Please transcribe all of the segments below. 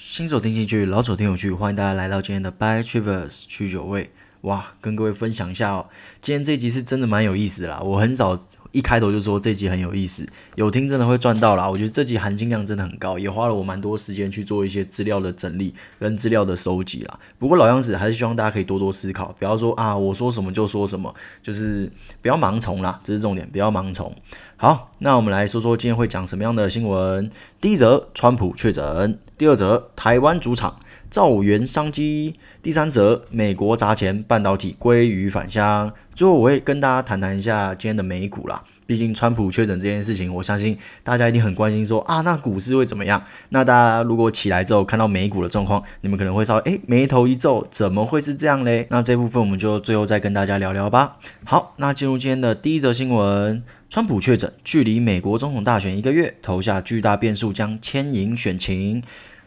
新手聽進去，老手聽有趣。歡迎大家來到今天的《Bytrivers》去酒味。哇，跟各位分享一下哦，今天這集是真的蠻有意思的啦。我很少一開頭就說這集很有意思，有聽真的會賺到啦。我覺得這集含金量真的很高，也花了我蠻多時間去做一些資料的整理跟資料的收集啦。不過老樣子，還是希望大家可以多多思考，不要說啊，我說什麼就說什麼，就是不要盲從啦，這是重點，不要盲從。好，那我們來說說今天會講什麼樣的新聞。第一則，川普確診；第二則，台灣主場。兆元商機，第三則：美國砸錢，半導體鮭魚返鄉。最後，我會跟大家談談一下今天的美股啦。畢竟川普確診這件事情，我相信大家一定很關心說，說啊，那股市會怎麼樣？那大家如果起來之後看到美股的狀況，你們可能會說，誒、欸、眉頭一皺，怎麼會是這樣嘞？那這部分我們就最後再跟大家聊聊吧。好，那進入今天的第一則新聞：川普確診，距離美國總統大選一個月，投下巨大變數，將牽引選情。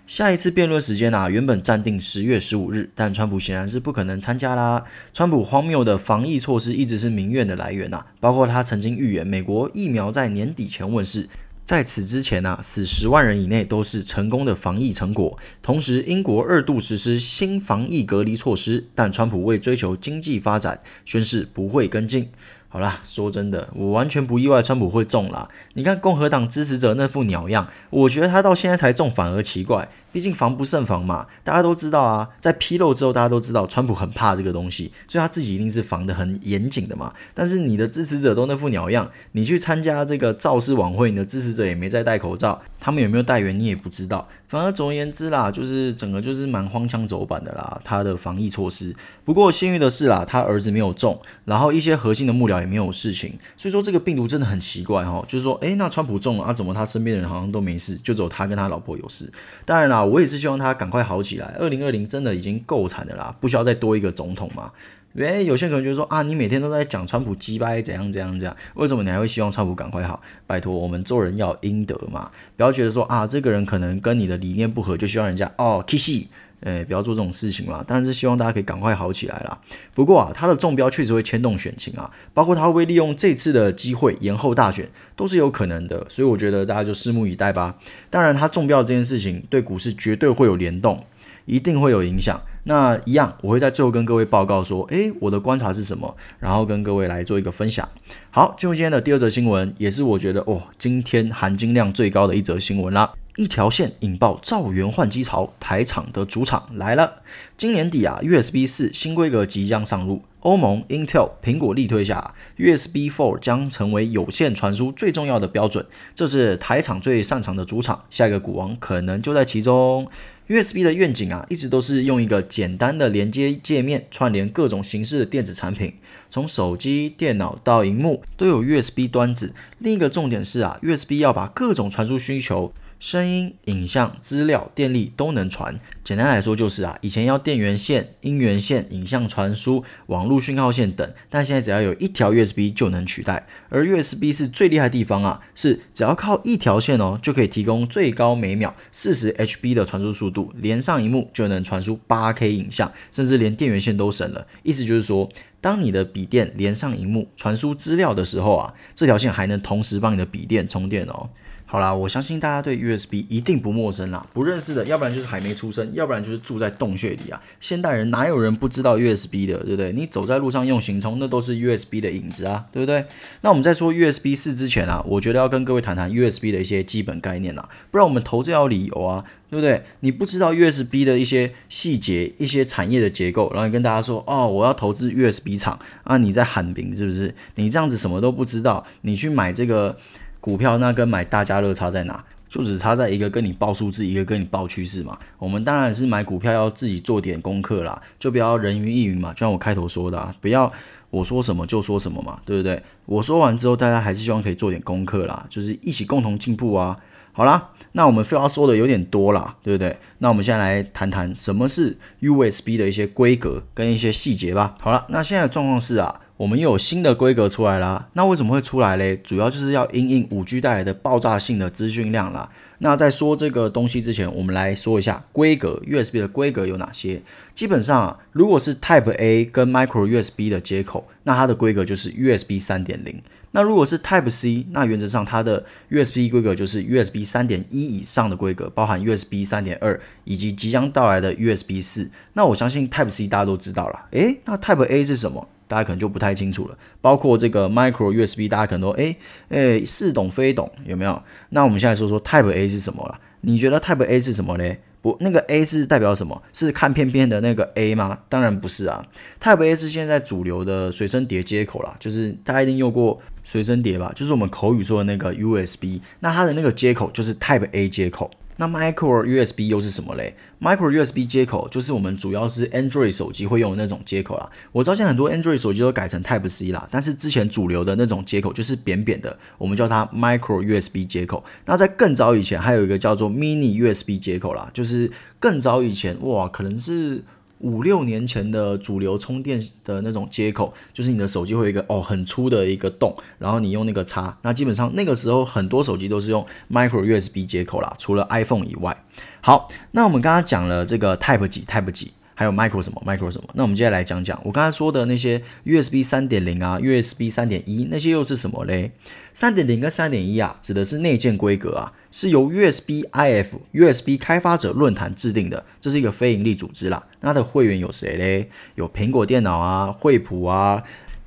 下一次辯論時間吶、啊，原本暫定十月十五日，但川普顯然是不可能參加啦。川普荒謬的防疫措施一直是民怨的來源吶、啊，包括他曾經預言美國疫苗在年底前問世，在此之前吶、啊，死十萬人以內都是成功的防疫成果。同時，英國二度實施新防疫隔離措施，但川普為追求經濟發展，宣誓不會跟進。好啦，說真的，我完全不意外川普會中啦。你看共和黨支持者那副鳥樣，我覺得他到現在才中反而奇怪。畢竟防不勝防嘛，大家都知道啊，在披露之後，大家都知道川普很怕這個東西，所以他自己一定是防得很嚴謹的嘛。但是你的支持者都那副鳥樣，你去參加這個造勢晚會，你的支持者也沒在戴口罩，他們有沒有戴完你也不知道。反而總而言之啦，就是整個就是蠻荒腔走板的啦，他的防疫措施。不過幸運的是啦，他兒子沒有中，然後一些核心的幕僚也沒有事情。所以說這個病毒真的很奇怪哦，就是說，哎、欸，那川普中了，啊，怎麼他身邊的人好像都沒事，就只有他跟他老婆有事？當然啦。啊、我也是希望他趕快好起來。二零二零真的已經夠慘的啦，不需要再多一個總統嘛？哎、欸，有些人可能就說啊，你每天都在講川普擊敗怎樣怎樣怎樣，為什麼你還會希望川普趕快好？拜托，我們做人要應得嘛，不要覺得說啊，這個人可能跟你的理念不合，就希望人家哦 kiss 哎，不要做這種事情了，當然是希望大家可以趕快好起來啦。不過啊，他的中標確實會牽動選情啊，包括他會不會利用這次的機會延後大選，都是有可能的。所以我覺得大家就拭目以待吧。當然，他中標這件事情對股市絕對會有聯動，一定會有影響。那一樣，我會在最後跟各位報告說，誒，我的觀察是什麼，然後跟各位來做一個分享。好，進入今天的第二則新聞，也是我覺得哦，今天含金量最高的一則新聞啦。一條線引爆兆元換機潮，台廠的主場來了。今年底啊，USB 四新規格即將上路，歐盟、Intel、蘋果力推下啊，USB four 將成為有線傳輸最重要的標準。這是台廠最擅長的主場，下一個股王可能就在其中。USB 的願景啊，一直都是用一個簡單的連接界面串聯各種形式的電子產品，從手機、電腦到螢幕都有 USB 端子。另一個重點是啊，USB 要把各種傳輸需求。聲音、影像、資料、電力都能傳。簡單來說就是啊，以前要電源線、音源線、影像傳輸、網路訊號線等，但現在只要有一條 USB 就能取代。而 USB 是最厲害的地方啊，是只要靠一條線哦，就可以提供最高每秒四十 HB 的傳輸速度，連上螢幕就能傳輸八 K 影像，甚至連電源線都省了。意思就是說，當你的筆電連上螢幕傳輸資料的時候啊，這條線還能同時幫你的筆電充電哦。好啦，我相信大家對 USB 一定不陌生啦，不認識的，要不然就是還沒出生，要不然就是住在洞穴裡啊。現代人哪有人不知道 USB 的，對不對？你走在路上用行充，那都是 USB 的影子啊，對不對？那我們在說 USB4 之前啊，我覺得要跟各位談談 USB 的一些基本概念啦。不然我們投資要理由啊，對不對？你不知道 USB 的一些細節、一些產業的結構，然後你跟大家說哦，我要投資 USB 廠啊，你在喊餅是不是？你這樣子什麼都不知道，你去買這個。股票那跟買大家樂差在哪？就只差在一個跟你報數字，一個跟你報趨勢嘛。我們當然是買股票要自己做點功課啦，就不要人云亦云嘛。就像我開頭說的啊，不要我說什麼就說什麼嘛，對不對？我說完之後，大家還是希望可以做點功課啦，就是一起共同進步啊。好啦，那我們廢話說的有點多啦，對不對？那我們現在來談談什麼是 USB 的一些規格跟一些細節吧。好了，那現在的狀況是啊。我們又有新的規格出來啦，那為什麼會出來嘞？主要就是要因應五 G 帶來的爆炸性的資訊量啦。那在說這個東西之前，我們來說一下規格 USB 的規格有哪些？基本上啊，如果是 Type A 跟 Micro USB 的接口，那它的規格就是 USB 三點零。那如果是 Type C，那原則上它的 USB 規格就是 USB 三點一以上的規格，包含 USB 三點二以及即將到來的 USB 四。那我相信 Type C 大家都知道啦，誒，那 Type A 是什麼？大家可能就不太清楚了，包括這個 Micro USB，大家可能都誒誒似懂非懂，有沒有？那我們現在說說 Type A 是什麼啦？你覺得 Type A 是什麼呢？不，那個 A 是代表什麼？是看片片的那個 A 嗎？當然不是啊。Type A 是現在主流的隨身碟接口啦，就是大家一定用過隨身碟吧？就是我們口語說的那個 USB，那它的那個接口就是 Type A 接口。那 micro USB 又是什麼嘞？micro USB 接口就是我們主要是 Android 手機會用的那種接口啦。我知道現在很多 Android 手機都改成 Type C 啦，但是之前主流的那種接口就是扁扁的，我們叫它 micro USB 接口。那在更早以前還有一個叫做 mini USB 接口啦，就是更早以前，哇，可能是。五六年前的主流充電的那種接口，就是你的手機會有一個哦很粗的一個洞，然後你用那個插。那基本上那個時候很多手機都是用 Micro USB 接口啦，除了 iPhone 以外。好，那我們剛剛講了這個 Type 幾 Type 幾。還有 Micro 什麼 Micro 什麼？那我們接下來講講我剛才說的那些 USB 三點零啊，USB 三點一那些又是什麼嘞？三點零跟三點一啊，指的是內建規格啊，是由 USBIF USB 開發者論壇制定的，這是一個非營利組織啦。那它的會員有誰嘞？有蘋果電腦啊、惠普啊、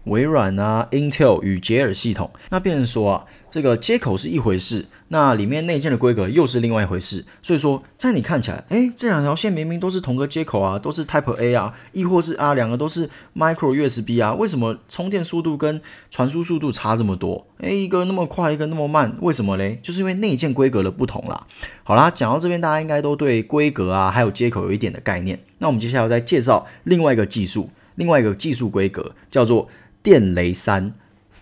微軟啊、Intel 與傑爾系統。那變成說啊，這個接口是一回事，那裡面內建的規格又是另外一回事。所以說，在你看起來，哎，這兩條線明明都是同個接口啊，都是 Type A 啊，亦或是啊兩個都是 Micro USB 啊，為什麼充電速度跟傳輸速度差這麼多？哎，一個那麼快，一個那麼慢，為什麼嘞？就是因為內建規格的不同啦。好啦，講到這邊，大家應該都對規格啊，還有接口有一點的概念。那我們接下來要再介紹另外一個技術，另外一個技術規格叫做電雷三。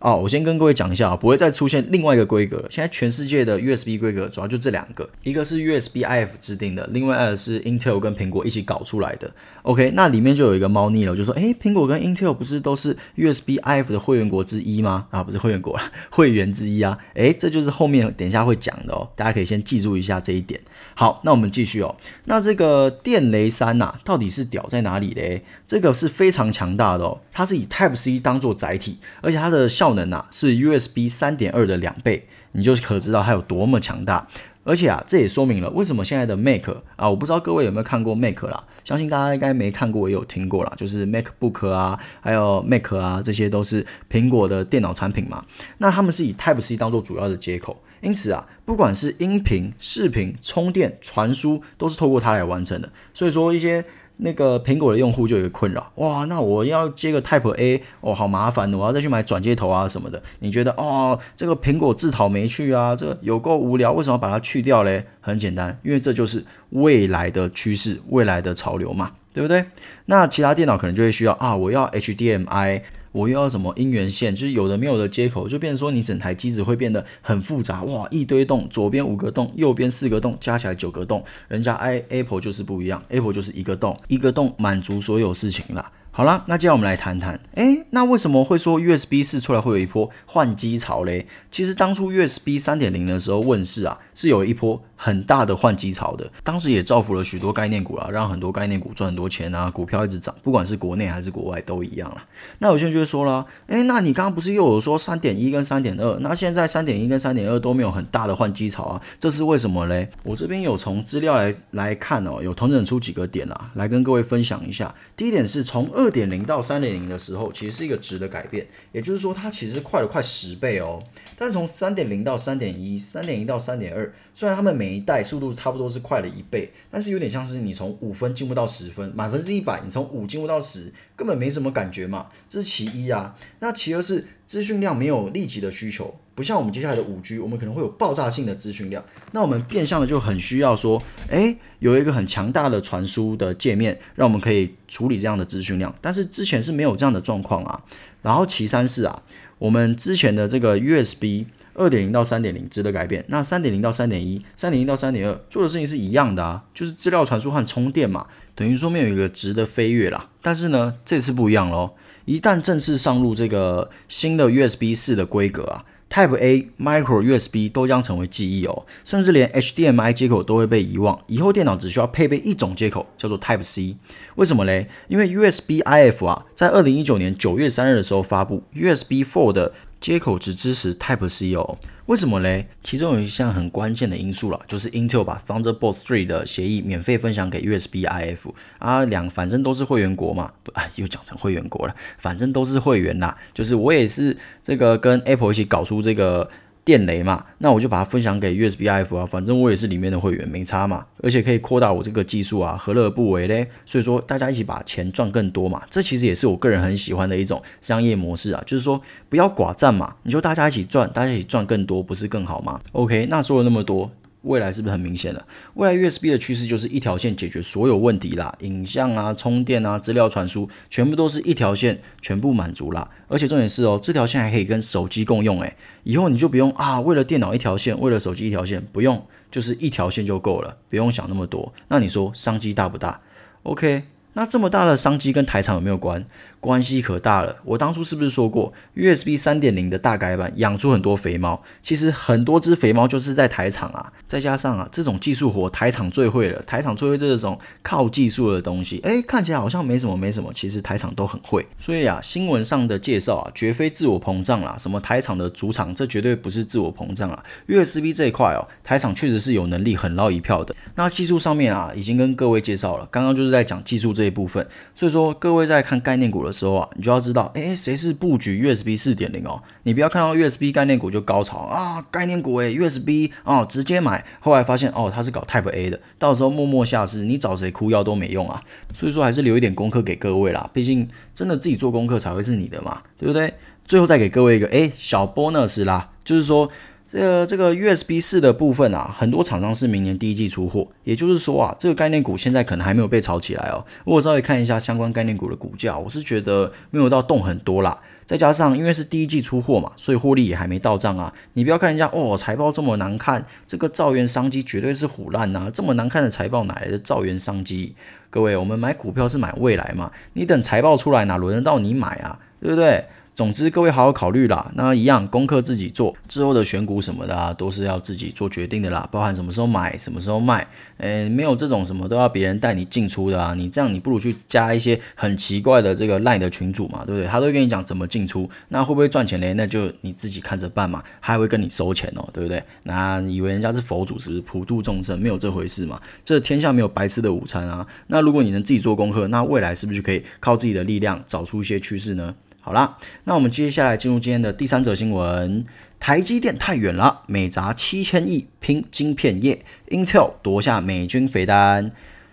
哦，我先跟各位講一下啊，不會再出現另外一個規格了。現在全世界的 USB 規格主要就這兩個，一個是 USB IF 制定的，另外一個是 Intel 跟蘋果一起搞出來的。OK，那裡面就有一個貓膩了，就說，哎，蘋果跟 Intel 不是都是 USB IF 的會員國之一嗎？啊，不是會員國啦，會員之一啊。哎，這就是後面等一下會講的哦，大家可以先記住一下這一點。好，那我們繼續哦。那這個電雷三吶啊，到底是屌在哪裡嘞？這個是非常強大的哦，它是以 Type C 當做載體，而且它的效果效能啊是 USB 三點二的兩倍，你就可知道它有多麼強大。而且啊，這也說明了為什麼現在的 Mac 啊，我不知道各位有沒有看過 Mac 啦，相信大家應該沒看過，也有聽過啦，就是 MacBook 啊，還有 Mac 啊，這些都是蘋果的電腦產品嘛。那他們是以 Type C 當做主要的接口，因此啊，不管是音頻、視頻、充電、傳輸，都是透過它來完成的。所以說一些。那個蘋果的用戶就有一個困擾哇，那我要接個 Type A，哦，好麻煩，我要再去買轉接頭啊什麼的。你覺得哦，這個蘋果自討沒趣啊，這個有夠無聊，為什麼要把它去掉嘞？很簡單，因為這就是未來的趨勢，未來的潮流嘛，對不對？那其他電腦可能就會需要啊，我要 HDMI。我又要什麼音源線，就是有的沒有的接口，就變說你整台機子會變得很複雜，哇，一堆洞，左邊五個洞，右邊四個洞，加起來九個洞，人家 i Apple 就是不一樣，Apple 就是一個洞，一個洞滿足所有事情啦。好啦，那接下來我們來談談，哎、欸，那為什麼會說 USB 四出來會有一波換機潮嘞？其實當初 USB 三點零的時候問世啊，是有一波很大的換機潮的，當時也造福了許多概念股啊，讓很多概念股賺很多錢啊，股票一直漲，不管是國內還是國外都一樣啦。那有些人就會說了，哎、欸，那你剛剛不是又有說三點一跟三點二，那現在三點一跟三點二都沒有很大的換機潮啊，這是為什麼嘞？我這邊有從資料來來看哦、喔，有統整出幾個點啊，來跟各位分享一下。第一點是從二。二點零到三點零的時候，其實是一個值的改變，也就是說，它其實是快了快十倍哦。但是從三點零到三點一、三點一到三點二，雖然他們每一代速度差不多是快了一倍，但是有點像是你從五分進步到十分，滿分是一百，你從五進步到十。根本沒什麼感覺嘛，這是其一啊。那其二是資訊量沒有立即的需求，不像我們接下來的五 G，我們可能會有爆炸性的資訊量。那我們變相的就很需要說，哎、欸，有一個很強大的傳輸的界面，讓我們可以處理這樣的資訊量。但是之前是沒有這樣的狀況啊。然後其三是啊，我們之前的這個 USB。二點零到三點零值得改變，那三點零到三點一、三點一到三點二做的事情是一樣的啊，就是資料傳輸和充電嘛，等於說沒有一個值得飛躍啦。但是呢，這次不一樣嘍，一旦正式上路這個新的 USB 四的規格啊，Type A、Micro USB 都將成為記憶哦，甚至連 HDMI 接口都會被遺忘。以後電腦只需要配備一種接口，叫做 Type C。為什麼嘞？因為 USB IF 啊，在二零一九年九月三日的時候發布 USB Four 的。接口只支持 Type C 哦，為什麼嘞？其中有一項很關鍵的因素了，就是 Intel 把 Thunderbolt 3的協議免費分享給 USB IF 啊，兩反正都是會員國嘛，不啊又講成會員國了，反正都是會員啦，就是我也是這個跟 Apple 一起搞出這個。電雷嘛，那我就把它分享給 USBIF 啊，反正我也是裡面的會員，沒差嘛，而且可以擴大我這個技術啊，何樂而不為嘞？所以說，大家一起把錢賺更多嘛，這其實也是我個人很喜歡的一種商業模式啊，就是說不要寡占嘛，你就大家一起賺，大家一起賺更多，不是更好嗎？OK，那說了那麼多。未來是不是很明顯了？未來 USB 的趨勢就是一條線解決所有問題啦，影像啊、充電啊、資料傳輸，全部都是一條線，全部滿足啦。而且重點是哦，這條線還可以跟手機共用哎、欸，以後你就不用啊，為了電腦一條線，為了手機一條線，不用，就是一條線就夠了，不用想那麼多。那你說商機大不大？OK。那這麼大的商機跟台廠有沒有關？關係可大了。我當初是不是說過 USB 三點零的大改版養出很多肥貓？其實很多只肥貓就是在台廠啊。再加上啊，這種技術活台廠最會了。台廠最會這種靠技術的東西，哎、欸，看起來好像沒什麼沒什麼，其實台廠都很會。所以啊，新聞上的介紹啊，絕非自我膨脹啦，什麼台廠的主場，這絕對不是自我膨脹啊。USB 這一塊哦，台廠確實是有能力狠撈一票的。那技術上面啊，已經跟各位介紹了，剛剛就是在講技術這一。部分，所以說各位在看概念股的時候啊，你就要知道，哎、欸，誰是布局 USB 四點零哦？你不要看到 USB 概念股就高潮啊，概念股哎、欸，USB 啊、哦，直接買，後來發現哦，它是搞 Type A 的，到時候默默下市，你找誰哭要都沒用啊。所以說還是留一點功課給各位啦，畢竟真的自己做功課才會是你的嘛，對不對？最後再給各位一個哎、欸、小 bonus 啦，就是說。這個這個 USB 四的部分啊，很多廠商是明年第一季出貨，也就是說啊，這個概念股現在可能還沒有被炒起來哦。如果稍微看一下相關概念股的股價，我是覺得沒有到動很多啦。再加上因為是第一季出貨嘛，所以獲利也還沒到賬啊。你不要看人家哦，財報這麼難看，這個兆元商機絕對是虎爛吶、啊！這麼難看的財報，哪來的兆元商機？各位，我們買股票是買未來嘛？你等財報出來，哪輪得到你買啊？對不對？總之，各位好好考慮啦。那一樣功課自己做，之後的選股什麼的啊，都是要自己做決定的啦。包含什麼時候買，什麼時候賣，嗯、欸，沒有這種什麼都要別人帶你進出的啊。你這樣，你不如去加一些很奇怪的這個賴的群組嘛，對不對？他都跟你講怎麼進出，那會不會賺錢嘞？那就你自己看着辦嘛。他還會跟你收錢哦，對不對？那以為人家是佛祖是不是普度眾生？沒有這回事嘛。這天下沒有白吃的午餐啊。那如果你能自己做功課，那未來是不是就可以靠自己的力量找出一些趨勢呢？好啦，那我們接下來進入今天的第三則新聞：台積電太遠了，美砸七千億拼晶片業，Intel 奪下美軍肥單，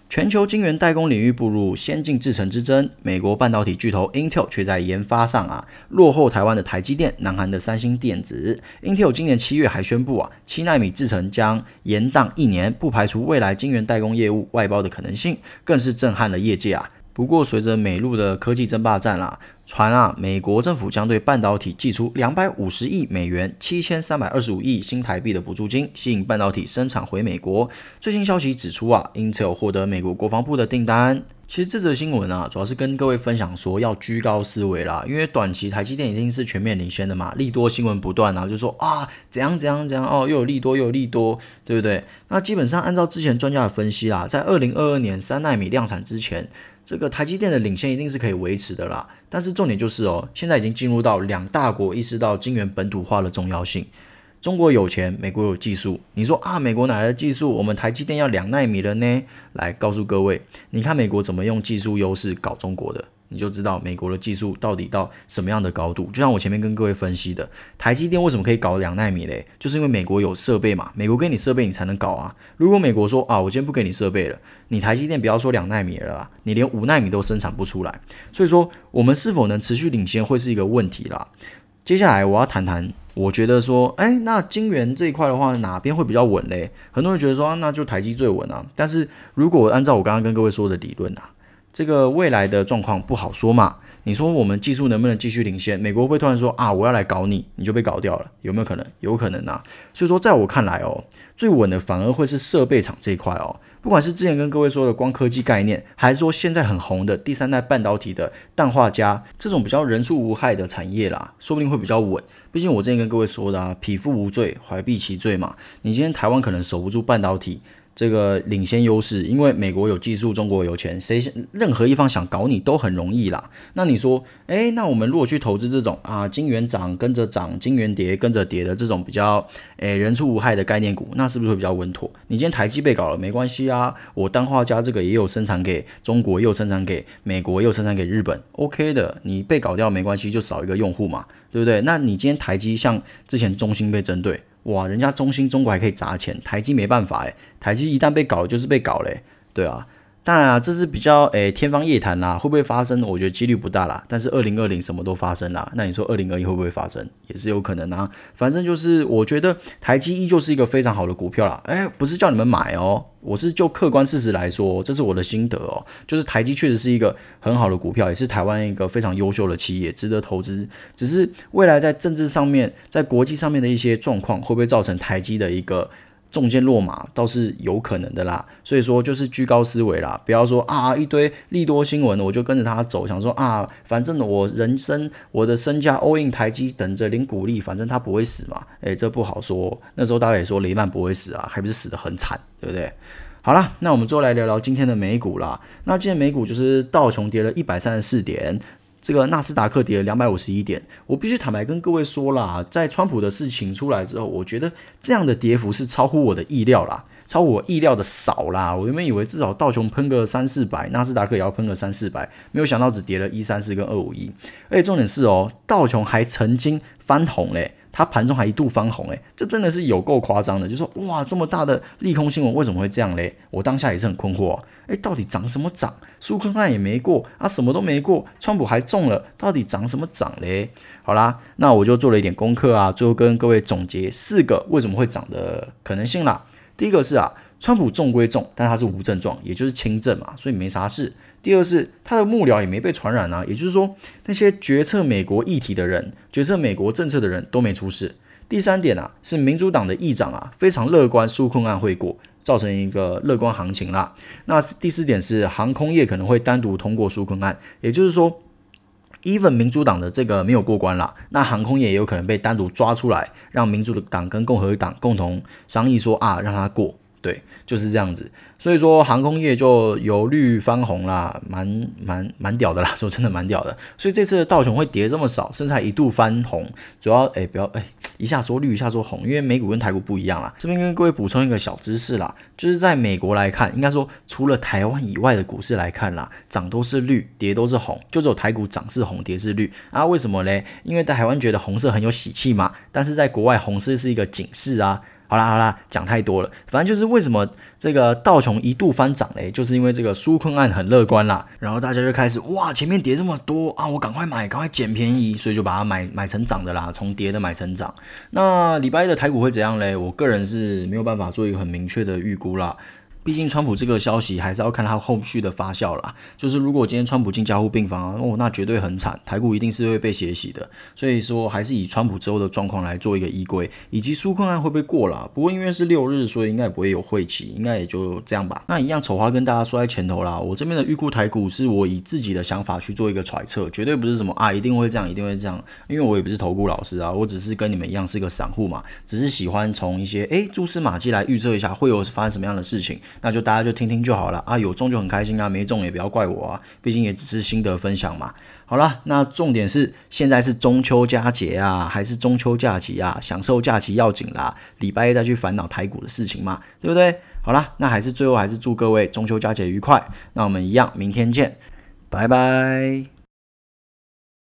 全球晶圓代工領域步入先進製程之爭。美國半導體巨頭 Intel 卻在研發上啊落後台灣的台積電、南韓的三星電子。Intel 今年七月還宣布啊，七奈米製程將延宕一年，不排除未來晶圓代工業務外包的可能性，更是震撼了業界啊。不過，隨着美陸的科技爭霸戰啊，傳啊，美國政府將對半導體祭出兩百五十億美元、七千三百二十五億新台幣的補助金，吸引半導體生產回美國。最新消息指出啊，Intel 獲得美國國防部的訂單。其實這則新聞啊，主要是跟各位分享說要居高思危啦，因為短期台積電一定是全面領先的嘛，利多新聞不斷啊，就說啊、哦、怎樣怎樣怎樣哦，又有利多又有利多，對不對？那基本上按照之前專家的分析啦，在二零二二年三奈米量產之前，這個台積電的領先一定是可以維持的啦。但是重點就是哦，現在已經進入到兩大國意識到晶圓本土化的重要性。中國有錢，美國有技術。你說啊，美國哪來的技術？我們台積電要兩納米了呢。來告訴各位，你看美國怎麼用技術優勢搞中國的，你就知道美國的技術到底到什麼樣的高度。就像我前面跟各位分析的，台積電為什麼可以搞兩納米嘞？就是因為美國有設備嘛，美國給你設備，你才能搞啊。如果美國說啊，我今天不給你設備了，你台積電不要說兩納米了啦，你連五納米都生產不出來。所以說，我們是否能持續領先會是一個問題啦。接下來我要談談。我覺得說，哎，那晶圓這一塊的話，哪邊會比較穩嘞？很多人覺得說，那就台積最穩啊。但是，如果按照我剛剛跟各位說的理論啊，這個未來的狀況不好說嘛。你說我們技術能不能繼續領先？美國會突然說啊，我要來搞你，你就被搞掉了，有沒有可能？有可能啊。所以說，在我看來哦，最穩的反而會是設備廠這一塊哦。不管是之前跟各位說的光科技概念，還是說現在很紅的第三代半導體的氮化鎵這種比較人畜無害的產業啦，說不定會比較穩。畢竟我之前跟各位說的啊，匹夫無罪，懷璧其罪嘛。你今天台灣可能守不住半導體。這個領先優勢，因為美國有技術，中國有錢，誰任何一方想搞你都很容易啦。那你說，哎，那我們如果去投資這種啊，金元漲跟着漲、金元跌跟着跌的這種比較，哎，人畜無害的概念股，那是不是會比較穩妥？你今天台積被搞了沒關係啊，我氮化鎵這個也有生產給中國，又生產給美國，又生產給日本，OK 的，你被搞掉沒關係，就少一個用戶嘛，對不對？那你今天台積像之前中芯被針對。哇，人家中興中國還可以砸錢，台積沒辦法誒、欸。台積一旦被搞就是被搞嘞、欸，對啊。當然啦，這是比較誒、欸、天方夜譚啦，會不會發生？我覺得幾率不大啦。但是二零二零什麼都發生啦。那你說二零二一會不會發生，也是有可能啦、啊。反正就是我覺得台積依舊是一個非常好的股票啦。誒、欸、不是叫你們買哦，我是就客觀事實來說，這是我的心得哦。就是台積確實是一個很好的股票，也是台灣一個非常優秀的企業，值得投資。只是未來在政治上面、在國際上面的一些狀況，會不會造成台積的一個？中箭落馬倒是有可能的啦，所以說就是居高思維啦，不要說啊，一堆利多新聞，我就跟着他走，想說啊，反正我人生我的身價 all in 台積，等着領股利，反正他不會死嘛，哎、欸，這不好說。那時候大家也說雷曼不會死啊，還不是死得很慘，對不對？好啦，那我們再來聊聊今天的美股啦。那今天的美股就是道瓊跌了一百三十四點。這個納斯達克跌了兩百五十一點，我必須坦白跟各位說啦，在川普的事情出來之後，我覺得這樣的跌幅是超乎我的意料啦，超乎我意料的少啦。我原本以為至少道瓊噴個三四百，納斯達克也要噴個三四百，沒有想到只跌了一三四跟二五一，而且重點是哦，道瓊還曾經翻紅嘞。它盤中還一度翻紅哎、欸，這真的是有夠誇張的。就是、說哇，這麼大的利空新聞為什麼會這樣嘞？我當下也是很困惑哦、啊。哎，到底漲什麼漲？紓困案也沒過啊，什麼都沒過，川普還中了，到底漲什麼漲嘞？好啦，那我就做了一點功課啊，最後跟各位總結四個為什麼會漲的可能性啦。第一個是啊。川普重歸重，但他是無症狀，也就是輕症嘛，所以沒啥事。第二是他的幕僚也沒被傳染啊，也就是說那些決策美國議題的人，決策美國政策的人都沒出事。第三點啊，是民主黨的議長啊非常樂觀，紓困案會過，造成一個樂觀行情啦。那第四點是航空業可能會單獨通過紓困案，也就是說，even 民主黨的這個沒有過關啦，那航空業也有可能被單獨抓出來，讓民主的黨跟共和黨共同商議說啊，讓他過。對，就是這樣子，所以說航空業就由綠翻紅啦，蠻蠻蠻，蠻屌的啦，說真的蠻屌的。所以這次的道瓊會跌這麼少，甚至還一度翻紅，主要誒不要誒，一下說綠一下說紅，因為美股跟台股不一樣啦。這邊跟各位補充一個小知識啦，就是在美國來看，應該說除了台灣以外的股市來看啦，漲都是綠，跌都是紅，就只有台股漲是紅，跌是綠。啊，為什麼嘞？因為在台灣覺得紅色很有喜氣嘛，但是在國外紅色是一個警示啊。好啦好啦，講太多了，反正就是為什麼這個道瓊一度翻漲嘞，就是因為這個紓困案很樂觀啦，然後大家就開始哇，前面跌這麼多啊，我趕快買，趕快撿便宜，所以就把它買買成漲的啦，重跌的買成漲。那禮拜一的台股會怎樣嘞？我個人是沒有辦法做一個很明確的預估啦。畢竟川普這個消息還是要看他後續的發酵啦。就是如果今天川普進加護病房、啊、哦，那絕對很慘，台股一定是會被血洗的。所以說還是以川普之後的狀況來做一個依歸，以及紓困案會不會過了？不過因為是六日，所以應該不會有會期，應該也就這樣吧。那一樣醜話跟大家說在前頭啦，我這邊的預估台股是我以自己的想法去做一個揣測，絕對不是什麼啊一定會這樣，一定會這樣。因為我也不是投顧老師啊，我只是跟你們一樣是個散戶嘛，只是喜歡從一些誒蛛絲馬跡來預測一下會有發生什麼樣的事情。那就大家就聽聽就好了啊，有中就很開心啊，沒中也不要怪我啊，畢竟也只是心得分享嘛。好了，那重點是現在是中秋佳節啊，還是中秋假期啊，享受假期要緊啦，禮拜一再去煩惱台股的事情嘛，對不對？好啦，那還是最後還是祝各位中秋佳節愉快，那我們一樣，明天見，拜拜。